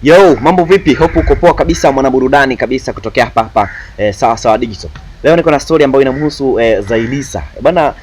Yo, mambo vipi? Hope uko poa kabisa, mwanaburudani kabisa kutokea hapa hapa e, eh, sawa Digital. Leo niko na story ambayo inamhusu e, Zailisa. bana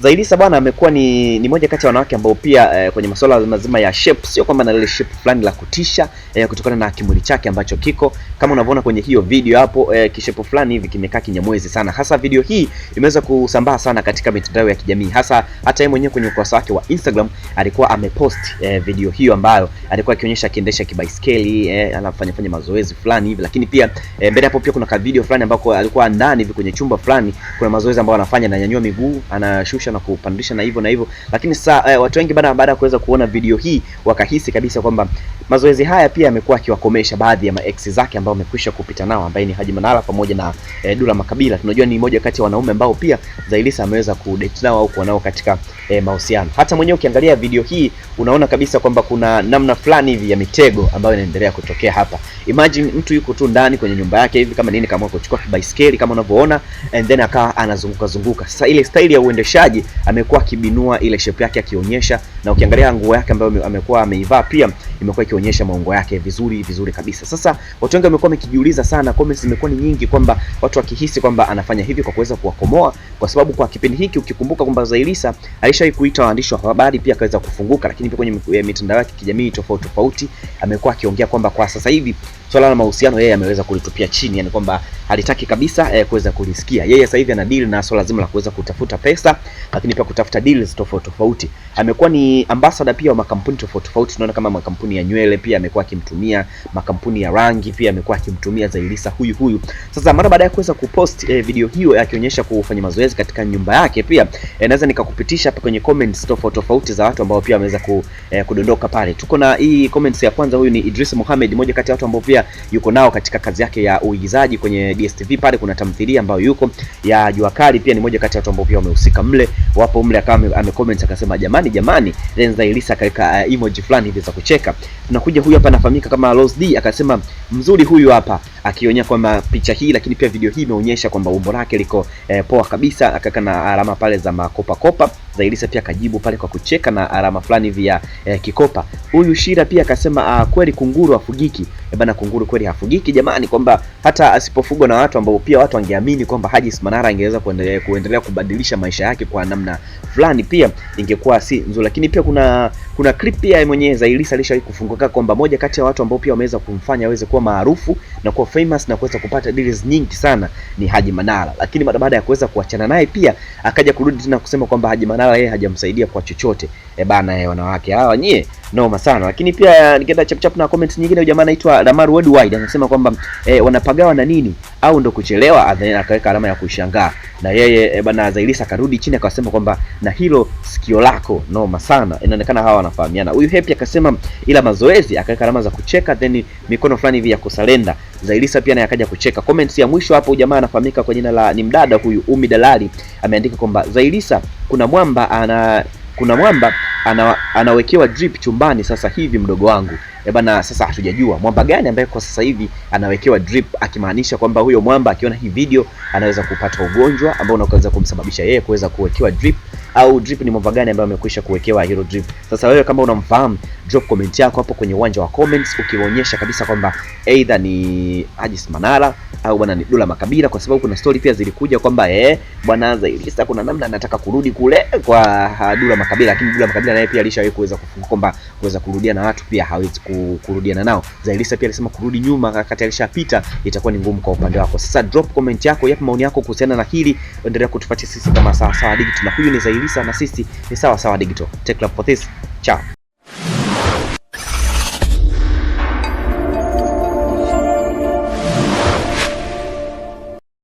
Zailisa bwana amekuwa ni ni moja kati ya wanawake ambao pia eh, kwenye masuala mazima ya shape, sio kwamba ana ile shape fulani la kutisha eh, kutokana na kimwili chake ambacho kiko kama unavyoona kwenye hiyo video hapo eh, kishepo fulani hivi kimekaa kinyamwezi sana. Hasa video hii imeweza kusambaa sana katika mitandao ya kijamii, hasa hata yeye mwenyewe kwenye ukurasa wake wa Instagram alikuwa amepost eh, video hiyo ambayo alikuwa akionyesha akiendesha kibaisikeli eh, anafanya fanya mazoezi fulani hivi, lakini pia eh, mbele hapo pia kuna ka video fulani ambako alikuwa ndani hivi kwenye chumba fulani, kuna mazoezi ambayo anafanya, ananyanyua miguu, anashusha kuupandisha na kuupandisha na hivyo na hivyo, lakini sasa eh, watu wengi baada baada ya kuweza kuona video hii wakahisi kabisa kwamba mazoezi haya pia yamekuwa akiwakomesha baadhi ya maex zake ambao amekwisha kupita nao, ambaye ni Haji Manara pamoja na eh, Dula Makabila. Tunajua ni moja kati ya wanaume ambao pia Zailisa ameweza kudate nao au kuwa nao katika eh, mahusiano. Hata mwenyewe ukiangalia video hii unaona kabisa kwamba kuna namna fulani hivi ya mitego ambayo inaendelea kutokea hapa. Imagine mtu yuko tu ndani kwenye nyumba yake hivi kama nini, kama kuchukua baisikeli kama unavyoona, and then akawa anazunguka zunguka. Sasa ile style ya uendeshaji amekuwa akibinua ile shape yake akionyesha na ukiangalia nguo yake ambayo amekuwa ameivaa pia imekuwa ikionyesha maungo yake vizuri vizuri kabisa. Sasa watu wengi wamekuwa wakijiuliza sana, comments zimekuwa ni nyingi kwamba watu wakihisi kwamba anafanya hivi kwa kuweza kuwakomoa, kwa sababu kwa kipindi hiki ukikumbuka kwamba Zailisa alishawahi kuita waandishi wa habari pia akaweza kufunguka, lakini pia kwenye eh, mitandao yake kijamii tofauti tofauti amekuwa akiongea kwamba kwa sasa hivi swala la mahusiano yeye ameweza kulitupia chini, yani kwamba halitaki kabisa eh, kuweza kulisikia. Yeye sasa hivi ana deal na swala zima la kuweza kutafuta pesa, lakini pia kutafuta deals tofauti tofauti. Amekuwa ni ni ambasada pia wa makampuni tofauti tofauti. Tunaona kama makampuni ya nywele pia amekuwa akimtumia, makampuni ya rangi pia amekuwa akimtumia Zailisa huyu huyu. Sasa mara baada ya kuweza kupost eh, video hiyo akionyesha kufanya mazoezi katika nyumba yake, pia eh, naweza eh, nikakupitisha hapa kwenye comments tofauti tofauti za watu ambao pia wameweza ku, eh, kudondoka pale. Tuko na hii comments ya kwanza, huyu ni Idris Mohamed, mmoja kati ya watu ambao pia yuko nao katika kazi yake ya uigizaji kwenye DSTV. Pale kuna tamthilia ambayo yuko ya Jua Kali, pia ni mmoja kati ya watu ambao pia wamehusika mle, wapo mle, akawa amecomment akasema, jamani jamani, then Zailisa akaweka uh, emoji fulani hivi za kucheka tunakuja huyu hapa anafahamika kama Rose D akasema mzuri huyu hapa, akionya kwamba picha hii lakini pia video hii imeonyesha kwamba umbo lake liko e, poa kabisa, akaka na alama pale za makopa kopa. Zailisa pia kajibu pale kwa kucheka na alama fulani hivi e, eh, kikopa. Huyu Shira pia akasema ah, kweli kunguru hafugiki. E bana, kunguru kweli hafugiki jamani, kwamba hata asipofugwa na watu ambao pia watu wangeamini kwamba Haji Manara angeweza kuendelea kuendelea kubadilisha maisha yake kwa namna fulani, pia ingekuwa si nzuri. Lakini pia kuna kuna clip pia mwenyewe Zailisa alishawahi kufungua kumbuka kwamba moja kati ya watu ambao pia wameweza kumfanya aweze kuwa maarufu na kuwa famous na kuweza kupata deals nyingi sana ni Haji Manara, lakini mara baada ya kuweza kuachana naye pia akaja kurudi tena kusema kwamba Haji Manara yeye hajamsaidia kwa chochote e bana, e, wanawake hawa nyie noma sana. Lakini pia eh, nikienda chap chap na comment nyingine, jamaa anaitwa Lamar Worldwide anasema kwamba e, wanapagawa na nini au ndo kuchelewa, akaweka alama ya kushangaa. Na yeye e, bana Zailisa karudi chini akasema kwamba na hilo sikio lako noma sana, inaonekana hawa wanafahamiana. Huyu Happy akasema ila mazoezi, akaweka alama za kucheka, then mikono fulani hivi ya kusalenda. Zailisa pia naye akaja kucheka. Comments ya mwisho hapo, jamaa anafahamika kwa jina la ni mdada huyu Umi Dalali ameandika kwamba Zailisa, kuna mwamba ana kuna mwamba ana, anawekewa drip chumbani sasa hivi mdogo wangu. E bana, sasa hatujajua mwamba gani ambaye kwa sasa hivi anawekewa drip, akimaanisha kwamba huyo mwamba akiona hii video anaweza kupata ugonjwa ambao unaweza kumsababisha yeye kuweza kuwekewa drip au drip ni mwamba gani ambaye amekwisha kuwekewa hilo drip. Sasa wewe kama unamfahamu, drop comment yako hapo kwenye uwanja wa comments ukionyesha kabisa kwamba either ni hajis Manara au bwana ni Dula Makabila, kwa sababu kuna stori pia zilikuja kwamba eh, bwana Zailisa kuna namna anataka kurudi kule kwa ah, Dula Makabila, lakini Dula Makabila naye pia alishawahi kuweza kufunga kwamba kuweza kurudia na watu pia hawezi kurudiana nao. Zailisa pia alisema kurudi nyuma wakati alishapita itakuwa ni ngumu kwa upande wako. Sasa drop comment yako, yapi maoni yako kuhusiana na hili? Endelea kutufuatia sisi kama Sawasawa Digital, na huyu ni Zailisa na sisi ni Sawasawa Digital. Take love for this. Ciao.